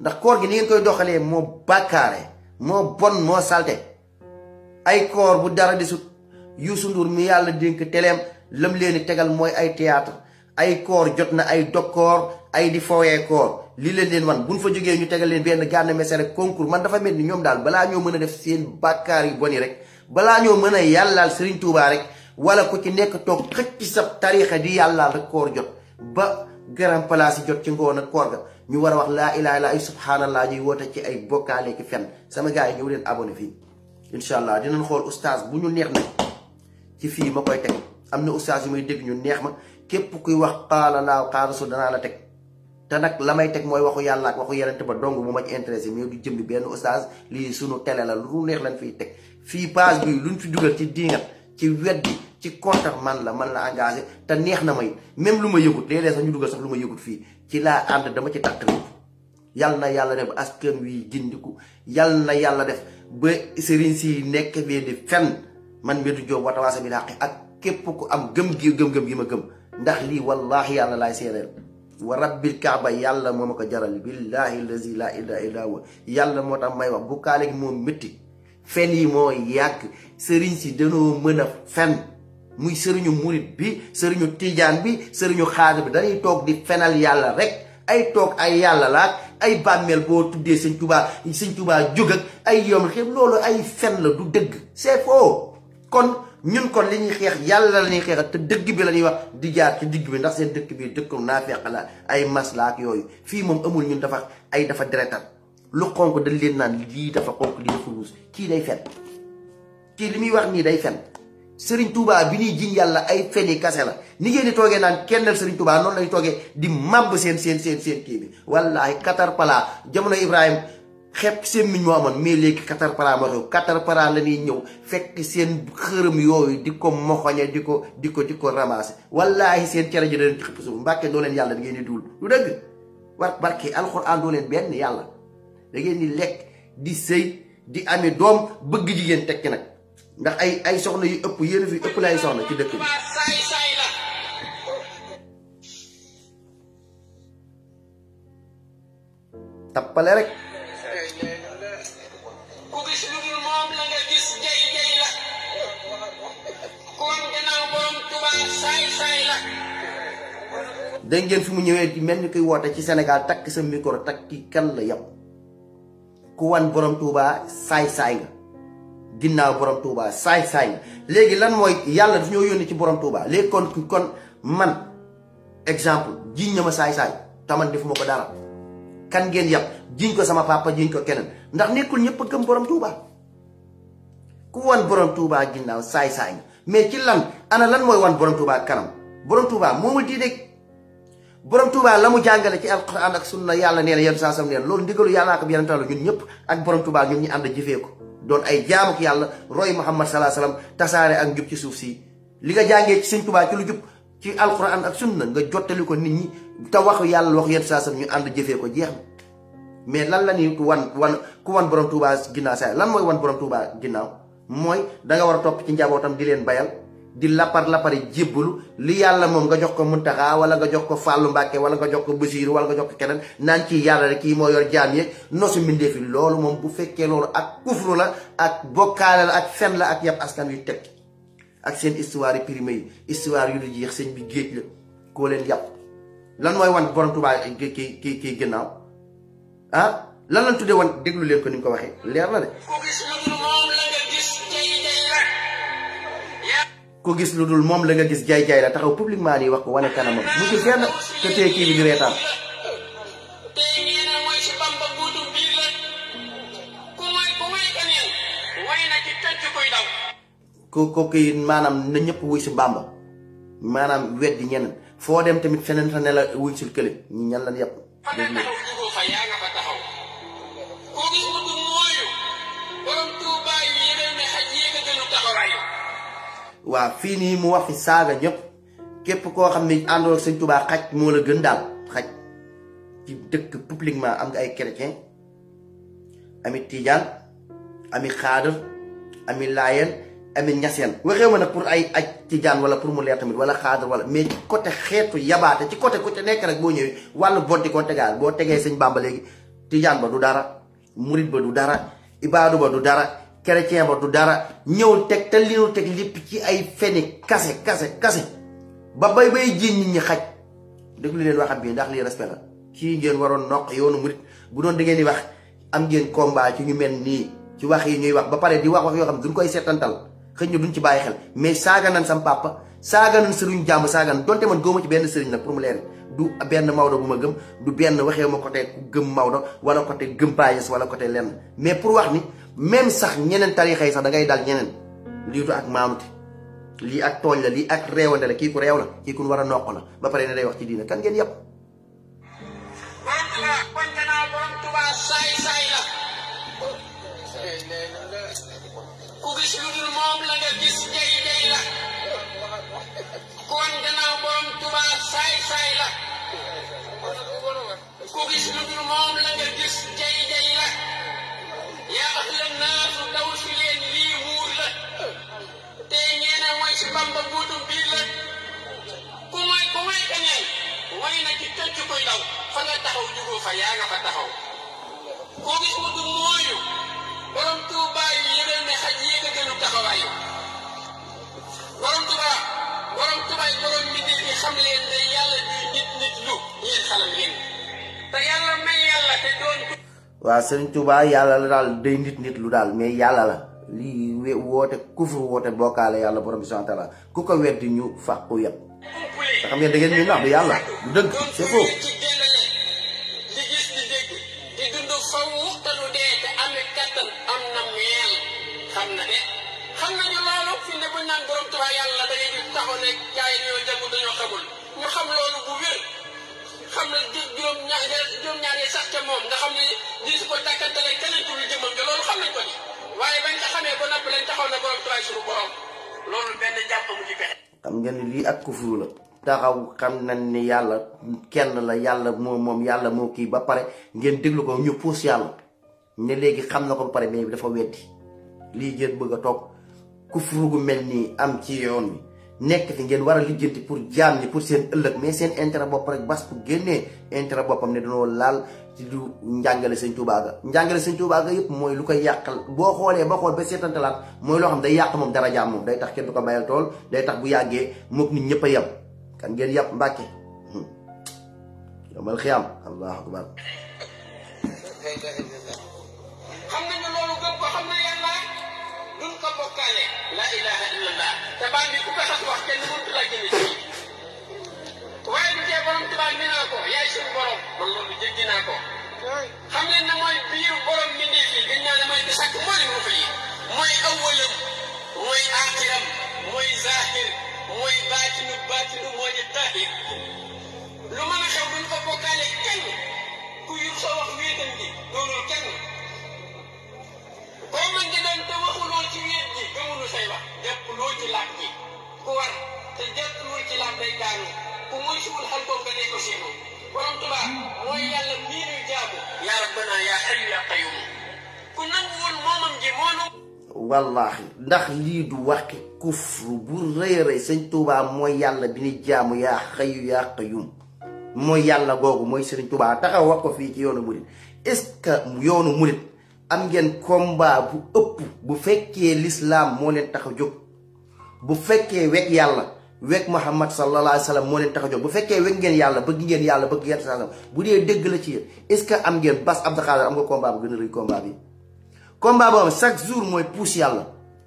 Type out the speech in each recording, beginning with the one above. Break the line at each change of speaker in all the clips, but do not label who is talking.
ndax koor gi ni ngeen koy doxalee moo bàkkaare moo bon moo salte ay koor bu dara di sut Youssou Ndour mi yàlla dénk teleem lam leen tegal mooy ay théâtre ay koor jot na ay dokkoor ay di fooyee koor lii leen leen bu buñ fa jógee ñu tegal leen benn Gana Messere rek concours man dafa mel ni ñoom daal balaa ñoo mën a def seen bàkkaar yu bon yi rek balaa ñoo mën a yàllaal Serigne Touba rek wala ku ci nekk toog xëcc sa tariixa di yàllaal rek koor jot ba grand yi jot ci ngoon ak koor ga ñu wara wax la ilaha illa subhanallah ñuy wota ci ay bokalé ki fen sama gaay ñu leen abonné fi inshallah dinañ xol oustaz bu ñu neex na ci fi makoy tek amna oustaz yu may deg ñu neex ma kep kuy wax qala la qala su dana la tek ta nak lamay tek moy waxu yàlla ak waxu yerente ba dong bu ma ci intéressé mi du jëm ben oustaz li sunu télé la lu neex lañ fi tek fi page bi luñ fi duggal ci diingat ci wet ci contact man la man la engagé ta neex na may même luma yëgut léeg-léeg sax ñu duggal sax luma yëgut fi ci laa ànd dama ci takk nit yal na yàlla def askan wi gindiku yal na yàlla def ba sëriñ si nekk fii di fenn man Médou Diop Watawasaw Bil Haqqi ak képp ku am gëm gi gëm-gëm gi ma gëm ndax lii wallaahi yàlla laay seedeel wa rabbil kaaba yàlla moom ma ko jaral billahi lazi la ilaha illa yàlla moo tax may wax bu kaale gi moom métti fen moo yàgg sëriñ si danoo mën fen muy sëriñu murit bi sëriñu tiijaan bi sëriñu xaadir bi dañuy toog di fenal yàlla rek ay toog ay yàlla laak ay bàmmeel boo tuddee sëñ tubaa sëñ tubaa jóg ak ay yom xeeb loolu ay fen la du dëgg c'est kon ñun kon li ñuy xeex yàlla la ñuy xeex te dëgg bi la ñuy wax di jaar ci digg bi ndax seen dëkk bi dëkk naa feex ay masla yooyu fii moom amul ñun dafa ay dafa deretal lu xonk dañ leen naan lii dafa xonk lii dafa kii day fen kii li muy wax nii day fen Serigne Touba bi ñuy jiñ yàlla ay feni kase la ni ngeen di toogee naan kenn Serigne Touba noonu lañu toogee di màbb seen seen seen seen kii bi wallaahi Qatar Pala jamono Ibrahima xepp seen miñ moo amoon mais léegi Qatar Pala moo xew Qatar Pala la ñuy ñëw fekk seen xërëm yooyu di ko moxoñe di ko di ko di ko ramassé wallaahi seen cere ji da leen ci xëpp suuf mbàkke doo leen yàlla da ngeen di duul lu dëgg war barke alxuraan doo leen benn yàlla da ngeen di lekk di sëy di amee doom bëgg jigéen tekki nag ndax ay ay soxna yu ëpp yeen fi ëpp lay soxna ci dëkk bi tappale rek
ku gis lu la nga gis la
la ngeen fi mu ñëwé di mel koy wota ci Sénégal tak sa micro tak ki kan la yam ku wan borom Touba say say nga ginnaw borom touba say say legi lan moy yalla dañu yoni ci borom touba le kon kon man exemple jiñ na ma saay taman defuma ko dara kan ngeen yab jinn ko sama papa jinn ko kenen ndax nekul ñepp gëm borom touba ku won borom touba ginnaw say say mais ci lan ana lan moy wan borom touba kanam borom touba di diine borom touba lamu jangale ci alquran ak sunna yalla neena yeen sa sam neen loolu ndigalu yàllaa ko ñun ñepp ak borom touba ñun ñi and jifeeku doon ay jaamuk yàlla roy muhammad salaa salaam tasaare ak njub ci suuf si li nga jàngee ci sëñ Tuubaa ci lu jub ci alquran ak sunna nga jottali ko nit ñi te waxu yàlla waxu yenn saa ñu ànd jëfee ko jeex na mais lan la ni wan wan ku wan borom Tuubaa ginnaaw saa lan mooy wan borom Tuubaa ginnaaw mooy da nga war a topp ci njabootam di leen bayal. di lapar lapari jébbalu li yàlla moom nga jox ko Muntaxa wala nga jox ko Fàllu Mbàkke wala nga jox ko Basiiru wala nga jox ko keneen naan kii yàlla rek kii moo yor jaam yeeg si mbindee fi loolu moom bu fekkee loolu ak kufru la ak bokkaale la ak fen la ak yàpp askan wi teg ak seen histoire yi primé yi histoire yu du jeex sëñ bi géej la koo leen yàpp lan mooy wan borom Tuubaa ki ki kii ginnaaw ah lan lan tuddee wan déglu leen ko ni ko waxee leer na ku gis lu dul moom la nga gis jaay jaay la taxaw publiquement nii wax ko wane kanamam bu kenn te tey kii bi di reetaan ko kii maanaam na ñëpp wuy si Bàmba maanaam weddi ñeneen foo dem tamit feneen fa ne la wuy sul kële ñan lan yàpp waaw fii nii mu wax fi saaga ñëpp képp koo xam ne àndoon ak sëñ Tuubaa xaj mo la gën dal xaj ci dëkk publiquement am nga ay chrétien ami tidian ami xaadar ami layen ami ñaseen waxee ma pour ay aj tijaan wala pour mu leer tamit wala xaadar wala mais ci côté xéetu yabaata ci côté ku ci nekk rek bo ñëwee walu boddi ko tégal bo tégué sëñ bamba légui tidian ba du dara murit ba du dara ibadu ba du dara chrétien ba du dara ñew tek te liru tek lip ci ay fene kasse kasse kasse ba bay bay jinn nit ñi xaj lu leen waxam bi ndax li respect la ki ngeen waron nok yoonu murid bu doon da ngeen di wax am ngeen combat ci ñu mel ci wax yi ñuy wax ba pare di wax wax yo xam duñ koy sétantal xëy na duñ ci baye xel mais saga nan sam papa saga nan serigne jamm saga nan donte man goma ci ben serigne nak pour mu leer du ben mawdo bu ma gëm du ben waxe ma te gëm mawdo wala te gëm baye wala te lenn mais pour wax ni même sax ñeneen tarixa yi sax da ngay dal ñeneen lii du ak maamute li ak tooñ la lii ak réewante la kii ku réew la kii ku war a noq la ba pare ne day wax ci diina kan ngeen yëpp
gis lu dul la nga jay jay la yaa ahlan naar daw si leen lii wuur la te ñeena mooy si la ku may ku may kañay way na ci tëj koy daw fa nga taxaw jugoo fa yaa nga fa taxaw koo gis mu du mooyu borom Tuuba yi yëgal ne xaj yéeg a gënu taxawaay borom Tuuba borom Tuuba yi borom mi di xam leen ne yàlla ñuy nit nit lu yéen xalam yéen
te yàlla may yàlla te doon ko waaw Sëriñ Tuubaa yàlla la daal day nit nit lu daal mais yàlla la lii woote kufur woote bokkaale yàlla borom bi subhaanahu la taala ku ko weddi ñu fàqu yëpp. te xam ngeen da ngeen ñuy nax du yàlla du dëgg
xam nañ ko ci waaye bañ ko xamee ba
na ni lii ak yàlla kenn la yàlla moo moom yàlla moo kii ba pare ngeen déglu ko ñu puus yàlla xam na ko ba dafa weddi lii ngeen bëgg a toog kufru gu mel nii am ci yoon bi nekk fi ngeen war a lijjanti pour jaam ni pour seen ëllëg mais seen intérêt bopp rek bas bu génnee intérêt boppam ne dañoo laal ci du njàngale sëñ Tuubaa ga njàngale sëñ Tuubaa mooy lu koy yàqal boo xoolee ba xool ba seetantalaat mooy loo xam day yàq moom dara jaam moom day tax ko mayal tool day bu yàggee mook ñëpp a yem kan ngeen hmm.
xam nañu loolu gëm ko xam la ilaha illallah te baal ku ko sax wax yaay suñu borom man loolu jéggi naa ko. xam leen ne mooy biiru borom mbindeef yi gën naa ne mooy bi sàkk moo leen ko fa yi mooy awalam mooy aaxiram mooy zaahir mooy baatinu baatinu mooy taahir lu mën a xew buñ ko bokkaale kenn ku yur soo wax wéetam gi doonul kenn koo mën di doon te waxuloo ci wéet gi gëmunu say wax jàpp loo ci laaj gi ku war te jàpp loo ci laaj day daanu ku moy suul xel boobu nga dee ko séenoo borom Tuuba mooy yàlla nii ñuy jaamu yaa rabbana yaa hayyu yaa qayyum ku
nangu woon moomam ji moo nangu wallahi ndax lii du waxi kufru bu rëy rëy sëñ Tuubaa mooy yàlla bi ni jaamu yaa xayu yaa xayum mooy yàlla googu mooy sëriñ Tuubaa taxaw wax ko fii ci yoonu murit est-ce que yoonu murit am ngeen combat bu ëpp bu fekkee lislaam moo leen tax a jóg bu fekkee wekk yàlla weg Muhammad sallallahu alayhi wa sallam moo leen tax a jóg bu fekkee weg ngeen yàlla bëgg ngeen yàlla bëgg ngeen sallam bu dee dëgg la ci yéen est-ce que am ngeen Bass Abdou Khadre am nga combat bu gën a rëy combat bi combat boo xam chaque jour mooy puus yàlla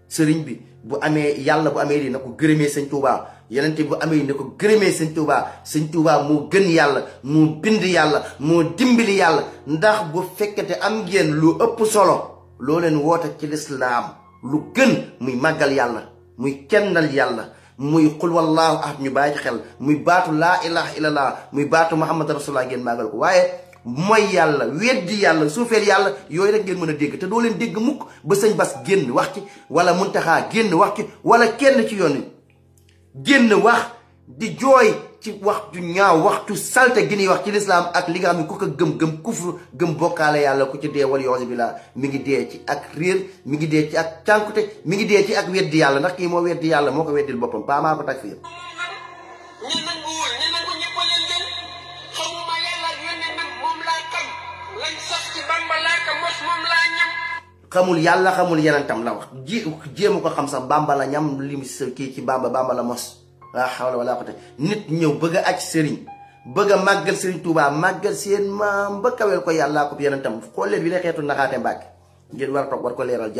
sëriñ bi bu amee yàlla bu amee lii na ko gërëmee sëñ Tuubaa yeneen bu amee lii na ko gërëmee sëñ Tuubaa sëñ Tuubaa moo gën yàlla moo bind yàlla moo dimbali yàlla ndax bu fekkete am ngeen lu ëpp solo loo leen woote ci lislaam lu gën muy màggal yàlla muy kennal yàlla muy xul wallaahu ahad ñu bàyyi ci xel muy baatu laa ilaha illallah muy baatu muhammad rasulullah ngeen màggal ko waaye mooy yàlla weddi yàlla suufeel yàlla yooyu rek ngeen mën a dégg te doo leen dégg mukk ba sëñ bas génn wax ci wala muntaxaa génn wax ci wala kenn ci yoon génn wax di jooy ci wax ju ñaaw waxtu salte gi ñuy wax ci lislaam ak li nga xam ku ko gëm-gëm kufru gëm bokkaale yàlla ku ci dee wal yoosi bi laa mi ngi dee ci ak réer mi ngi dee ci ak cànkute mi ngi dee ci ak weddi yàlla ndax kii moo weddi yàlla moo ko weddil boppam paa maa ko tag fi xamul yàlla xamul yeneen tam la wax ji jéem ko xam sax bàmba la ñam lim kii ci bàmba bàmba la mos laa xawla wala quwwata nit ñëw bëgg a aj sëriñ bëgg a màggal sëriñ Touba màggal seen maam ba kaweel ko yàllaa ko yeneen tam xool leen bi ne xeetu naxaate mbàkk ngeen war a toog war ko leeral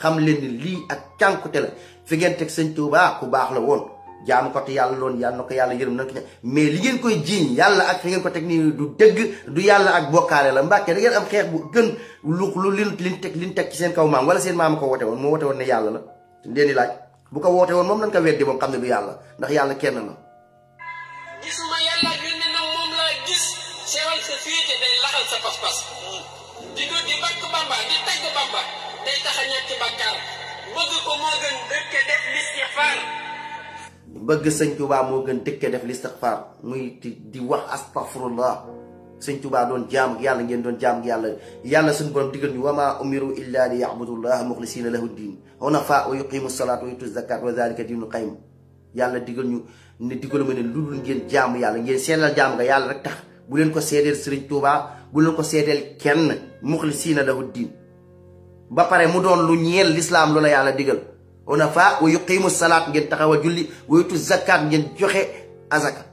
xam leen ni ak cànkute la fi ngeen teg sëñ Touba ku baax la woon jaamu ko te yàlla loon yàlla na ko yàlla yërëm na mais li ngeen koy jiiñ yàlla ak fi ko teg nii du dëgg du yàlla ak bokkaale la mbàkke da ngeen am xeex bu gën lu lu lin liñ teg liñ teg ci seen kaw maam wala seen maam ko wote woon moo wote woon ne yàlla la leen di laaj bu ko woote woon moom nañ ko weddi moom xam ne du yàlla ndax yàlla kenn la
gisuma yàlla yónni nag moom laa gis sewal sa féete day laxal sa pas di dut di bakk bamba di tagg bamba day tax a ñàkk bàkkaar bëgg moo gën dëkke def listixfaar
bëgg sëñ Tuubaa moo gën dëkke def listixfaar muy di wax astaghfirullah sëñ Tuubaa doon jaam yàlla ngeen doon jaam yàlla yàlla suñu borom digal ñu wama umiru illa li yahbudullaha muxlisina lahu diin hunafa wa yuqimu salaat wa yutu zakat wa zalika diinul qayyim yàlla digal ñu ne digalu ma ne ludul ngeen jaam yàlla ngeen seedal jaam nga yàlla tax bu leen ko seedeel sëriñ Tuubaa bu leen ko seedeel kenn muxlisina lahu diin ba pare mu doon lu ñeel lislaam lu la yàlla digal hunafa wa yuqimu salaat ngeen taxaw a julli wa yutu zakat ngeen joxe azaka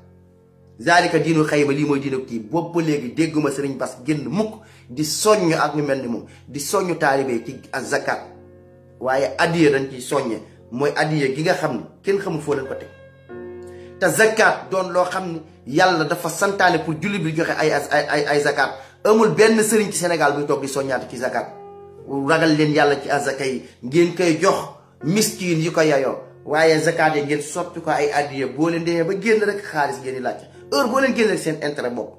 zalika diinu xayba lii mooy diinu kii boobu ba léegi dégguma sëriñ Bass génn mukk di soññ ak ñu mel ni moom di soññ taalibe ci zakat waaye addiya dañ ciy soññe mooy addiya gi nga xam ne kenn xamul foo leen ko teg te zakat doon loo xam ne yàlla dafa santaane pour jullit bi joxe ay ay ay zakat amul benn sëriñ ci Sénégal buy toog di soññaate ci zakat ragal leen yàlla ci azaka yi ngeen koy jox miskin yi ko yayoo waaye zakat yi ngeen soppi ko ay addiya boo leen demee ba génn rek xaalis ngeen di heure boo leen génnee seen intérêt bopp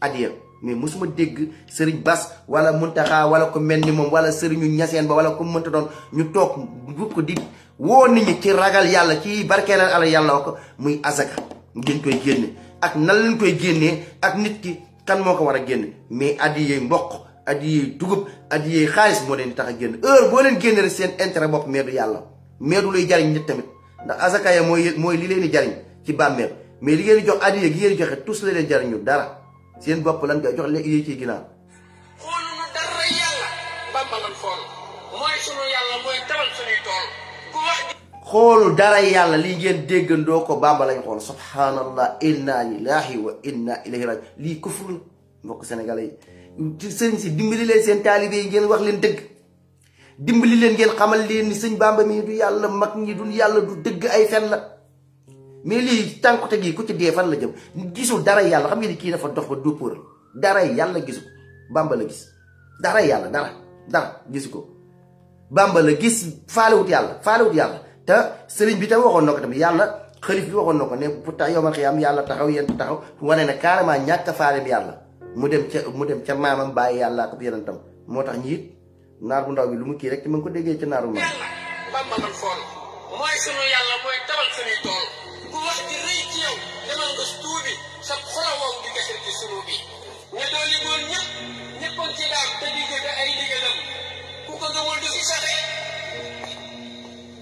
adieu mais mosuma dégg sëriñ Bas wala Muntaxa wala ko mel ni moom wala sëriñu ñaseen ba wala ko mënta doon ñu toog bu ko di woo nit ñi ci ragal yàlla ci barkeelal ala yàlla ko muy azaka ngeen koy génne ak nan leen koy génnee ak nit ki kan moo ko war a génn mais adiyee mboq adiyee dugub adiyee xaalis moo leen di tax a génn heure boo leen génne rek seen intérêt bopp meedu yàlla meedu luy jariñ nit tamit ndax azaka ya mooy mooy li leen di jariñ ci bàmmeel mais li ngeen jox addiya gi ngeen joxe tous la leen jariñu dara seen bopp lan nga jox leen yéeg ci ginnaaw. xooluma xool mooy yàlla dara yàlla li ngeen déggandoo ko bamba lañ xool subhanallah inna lillahi wa inna ilayhi raji lii kufru la mbokk sénégalais si dimbali leen seen taalibe yi ngeen wax leen dëgg dimbali leen ngeen xamal leen ni sëñ bamba mii du yàlla mag ñi du yàlla du dëgg ay fen la mais lii tànku teg ku ci dee fan la jëm gisul dara yàlla xam nga di kii dafa dox ba duppóor dara yàlla gisu ko bàmba la gis dara yàlla dara dara ko bàmba la gis faalewut yàlla faalewut yàlla te sëriñ bi te waxoon na ko tamit yàlla xalif bi waxoon na ko ne pour tax yomal xiyaam yàlla taxaw yent taxaw wane na carrément ñàkk faalem yàlla mu dem ca mu dem ca maamam bàyyi yàlla ak yonentam moo tax ñi it naar bu ndaw bi lu mu kii rek ci ma ko déggee ca naaru ma
bàmba man fool ku wax ji rëy ci yow demal nga tuubi sa xolawoo bi nga ci sunu bi ña doon liggéeyoon ñëpp ñëppoon ci daam te di ay ndigalam ku ko gëmul du fi saxe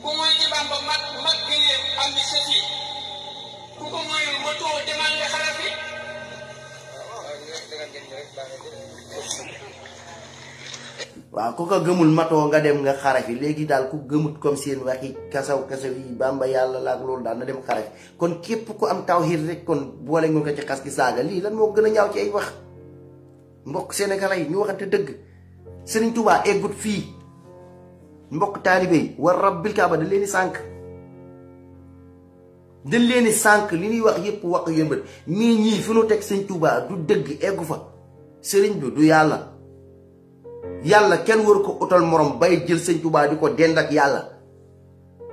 ku mooy ci Bàmba mag mag gëléem am ni sa ku ko moyul ma too demal nga xalaat
wa ko ko gemul mato nga dem nga xarafi legi dal ku gemut comme sen waxi kasaw kasaw yi bamba yalla lak lol dal na dem xarafi kon kep ku am tawhid rek kon bolé nga ko ci xas gi saaga lii lan mo gëna a ñaaw ci ay wax mbokk sénégalais ñu waxante deug sëriñ touba égout fi mbokk talibé yi war rabbil kaaba dal leeni sank dal leeni sank li ni wax yépp wax yëmbët mais ñi fi nu tek touba du deug égufa bi du yalla yàlla kenn war ko utal morom bay jël sëñ Tuubaa di ko dend ak yàlla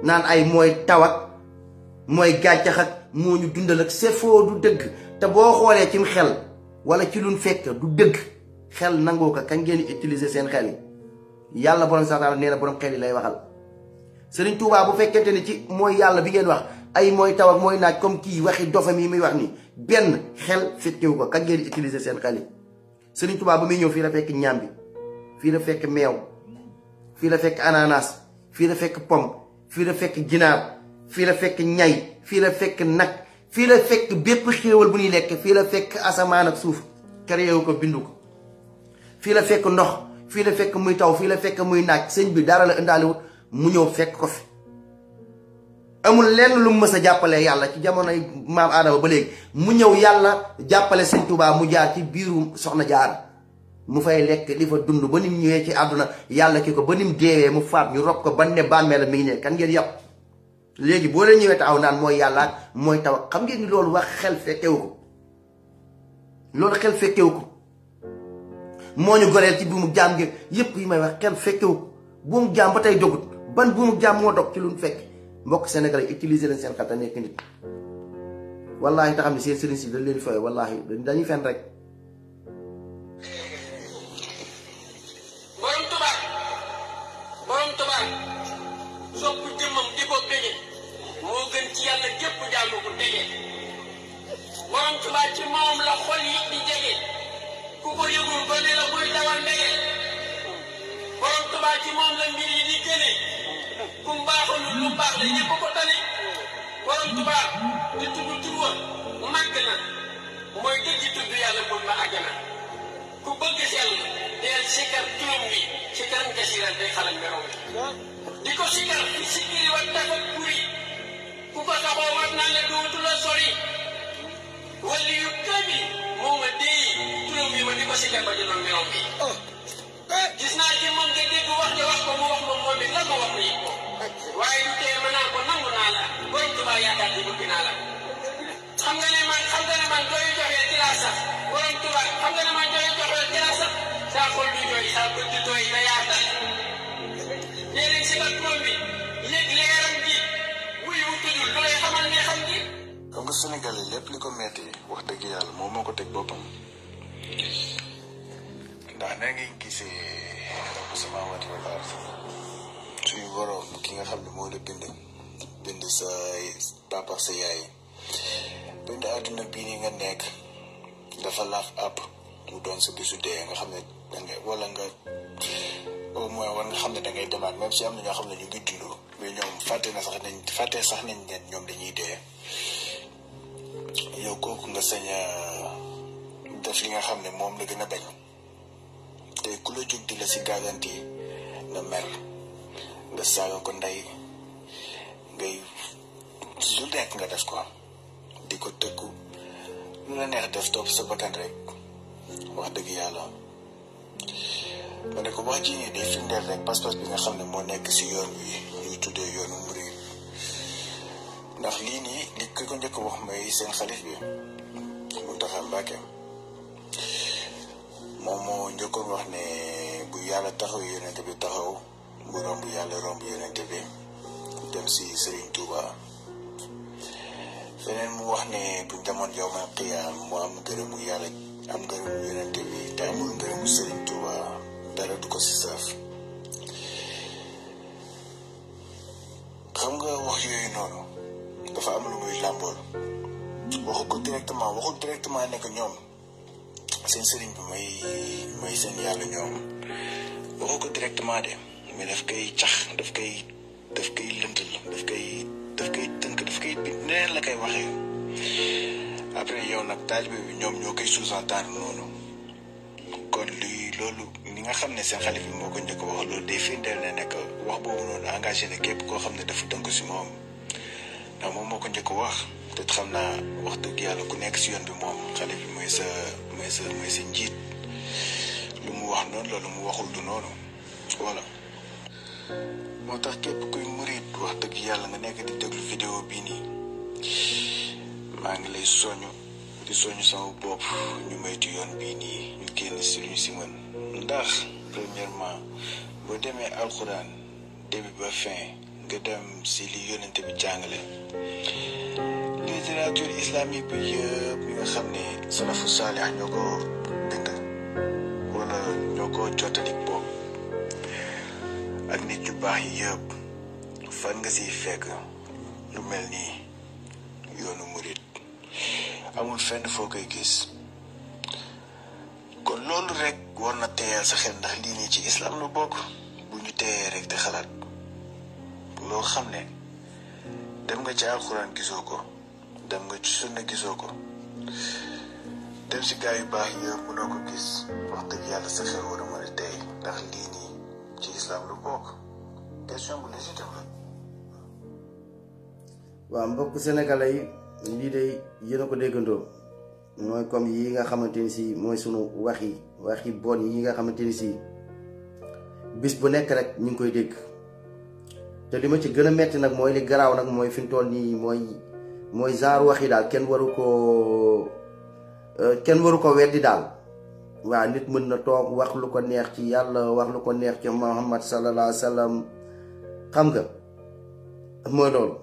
naan ay mooy tawat mooy gàncax ak moo ñu dundal ak c'est faux du dëgg te boo xoolee cim xel wala ci luñ fekk du dëgg xel nangoo ko kañ ngeen utiliser seen xel yi yàlla borom sax nee na borom xel yi lay waxal. Sëriñ Tuubaa bu fekkente ni ci mooy yàlla bi ngeen wax ay mooy taw mooy naaj comme kii waxi dofam yi muy wax nii benn xel fekkewu ko kañ ngeen utiliser seen xel yi Sëriñ Tuubaa ba muy ñëw fii la fekk ñaam bi. fii la fekk meew fii la fekk ananas fii la fekk pomme fii la fekk ginaar fii la fekk ñay fii la fekk nag fii la fekk bépp xéewal bu ñuy lekk fii la fekk asamaan ak suuf créé ko bindu ko fii la fekk ndox fii la fekk muy taw fii la fekk muy naaj sëñ bi dara la ëndaaliwut mu ñëw fekk ko fi amul lenn lu mu mës a jàppale yàlla ci jamonoy maam Aadama ba léegi mu ñëw yàlla jàppale si Tuubaa mu jaar ci biiru soxna jaar mu fay lekk li fa dund ba nim ñëwee ci àdduna yàlla ki ko ba nim deewee mu faat ñu rob ko ba ne la mi ngi ne kan ngeen yàpp léegi boo leen ñëwee taxaw naan mooy yàlla mooy taw xam ngeen ni loolu wax xel fekkewu ko loolu xel fekkewu ko moo ñu goreel ci mu jaam gi yépp yi may wax xel fekkewu ko buumu jaam ba tey dogut ban buumu jaam moo dog ci lu mu fekk mbokk sénégalais utiliser leen seen xel te nekk nit wallaahi te xam ne seen sëriñ si dañ leen fooy wallaahi dañuy fen rek
Tuubaa ci moom la xol yi di jege ku ko yëgul gone la buy dawal ndege borom ci moom la mbir yi di gëne ku mu baaxul lu baax la ko tane borom Tuubaa di tudd tuwa màgg na mooy dëgg tudd yàlla bul ma àgg na ku bëgg xel deel sikar turam bi sikaram kasiran day xalal merow di ko sikar fi sikkiri wa tafat kuri ku ko saxoo war naa ne dootu la sori wali yu kami moo ma dee turam bi ma di ko si lemba jëloon meew bi. gis naa ci moom nga dégg wax nga wax ko mu wax moom moom it lan ma wax nii ko. waaye du tee mën naa ko nangu naa la borom Tuubaa yaakaar bi bëgg naa la. xam nga ne man xam nga ne man doyu joxee ci laa sax borom Tuubaa xam nga ne man doyu joxee ci laa sax saa xol du jooy saa bët du tooy
lépp li ko metti wax dëgg yàlla moom moo ko teg boppam ndax na ngay gisee rabu samaawaati wal ard suñu boroom ki nga xam ne moo la bind sa papa sa yaay bind bii ni nga nekk dafa laaf àpp mu doon sa bisu dee nga xam ne danga wala nga au moins war nga xam ne dangay demaat même si am na ñoo xam ne ñu ngi dund mais ñoom fàtte na sax nañ ne ñoom dañuy dee yow kooku nga sañ a def li nga xam ne moom la gën a bañ te ku la jóg di la si gaaganti nga mer nga saaga ko ndey ngay lu nekk nga def ko di ko tëkku lu la neex def topp sa bakkan rek wax dëgg yàlla ma ne ko wax ji nii day firndeel rek pas-pas bi nga xam ne moo nekk si yoon wi ñuy tuddee yoonu ndax lii nii li ki ko njëkk wax mooy seen xalif bi mu taxa mbàkke moom moo njëkkoon wax ne bu yàlla taxaw yonente bi taxaw bu romb yàlla romb yonente bi dem si sëriñ tuuba feneen mu wax ne bu demoon yow ma xiyaam mu am ngërëmu yàlla am ngërëmu yonente bi te amul ngërëmu sëriñ tuuba dara du ko si saaf waxul directement nekk ñoom seen sëriñ bi mooy mooy seen yàlla ñoom waxu ko directement de mais daf koy cax daf kay daf koy lëndal daf koy daf koy koy bind waxee après yow nag taalibe bi ñoom ñoo koy sous-entendre noonu kon luy loolu ni nga xam ne seen xalif bi moo ko njëkk wax loolu day firndeel ne nekk wax boobu noonu engagé na képp koo xam ne dafa tënk si moom ndax moom moo ko njëkk wax te xamna wax deug yalla ku nek ci yoon bi mom xale bi moy sa moy sa moy sa njit lu mu wax non lolu mu waxul du nonu wala motax kep kuy murit wax deug yalla nga nek di déglu video bi ni ma ngi lay soñu di soñu sa bop ñu ci yoon bi ni ñu kenn ci ñu ci man ndax premièrement bo démé alxuraan début ba fin nga dem ci li yonente bi jangale littérature islamique bi yëpp yi nga xam ne yu baax yi nga siy fekk lu ni amul fenn gis kon loolu rek war na teyal sa xel ndax lii nii ci islam lu bokk bu ñu teyee rek te xalaat loo xam ne dem nga ci alxuraan gisoo ko dem nga si gaa yu baax yi mënoo ko gis wax dëgg yàlla sa xel war a mën a tey ndax lii nii ci islam lu bokk question bu légitime la.
waaw mbokk sénégalais lii de yéen a ko déggandoo mooy comme yi nga xamante ni si mooy sunu wax yi wax yi bon yi nga xamante ni si bis bu nekk rek ñu ngi koy dégg te li ma ci gën a metti nag mooy li garaaw nag mooy fi mu toll nii mooy. mooy genre wax yi daal kenn waru ko euh, kenn waru ko weddi daal waaw nit mën na toog wax lu ko neex ci yàlla wax lu ko neex ci Muhammad sallallahu wa sallam xam nga
mooy loolu